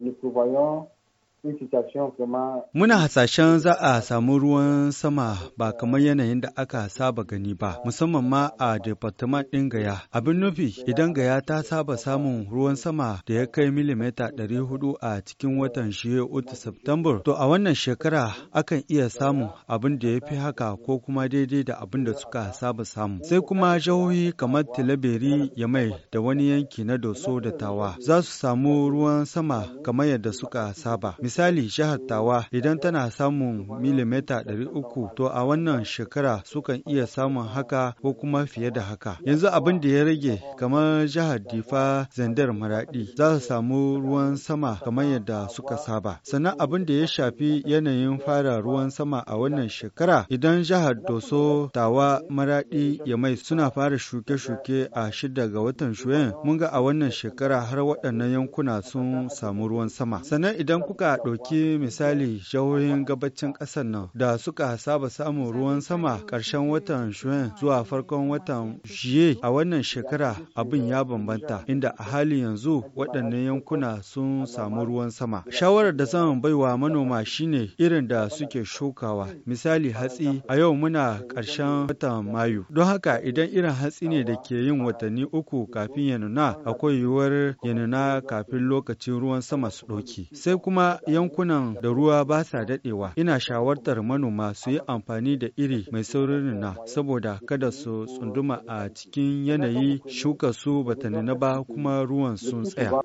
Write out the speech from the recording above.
nous voyons Muna hasashen za a samu ruwan sama ba kamar yanayin da aka saba gani ba, musamman ma a Departement ɗin Gaya. Abin nufi idan Gaya ta saba samun ruwan sama da ya kai milimita 400 a cikin watan shiye September, to a wannan shekara akan iya samun abin da ya fi haka ko kuma daidai da abin da suka saba samu. Sai kuma jihohi kamar ya mai da wani yanki na Doso da Tawa za su samu ruwan sama kamar yadda suka saba. Misali jihar Tawa idan tana samun milimeta 300 to a wannan shekara sukan iya samun haka ko kuma fiye da haka. Yanzu abin da ya rage kamar jihar Difa Zandar Maradi za su samu ruwan sama kamar yadda suka saba. Sannan abin da ya shafi yanayin fara ruwan sama a wannan shekara idan jihar Doso Tawa Maradi mai suna fara shuke-shuke a shida ga watan Shuyen mun ga a wannan shekara har waɗannan yankuna sun samu ruwan sama. Sannan idan kuka ɗauki misali jihohin gabacin ƙasar nan da suka saba samun ruwan sama ƙarshen watan Juin zuwa farkon watan shiye a wannan shekara abin ya bambanta inda a hali yanzu waɗannan yankuna sun samu ruwan sama. Shawarar da zan baiwa manoma shine irin da suke shukawa. Misali hatsi a yau muna ƙarshen watan Mayu. Don haka idan irin hatsi ne da ke yin watanni uku kafin ya nuna akwai yiwuwar ya nuna kafin lokacin ruwan sama su ɗauki. Sai kuma yankunan da ruwa ba sa daɗewa, ina shawartar manoma su yi amfani da iri mai saurin nuna saboda kada su tsunduma a cikin yanayi shuka su bata nuna ba kuma ruwan sun tsaya.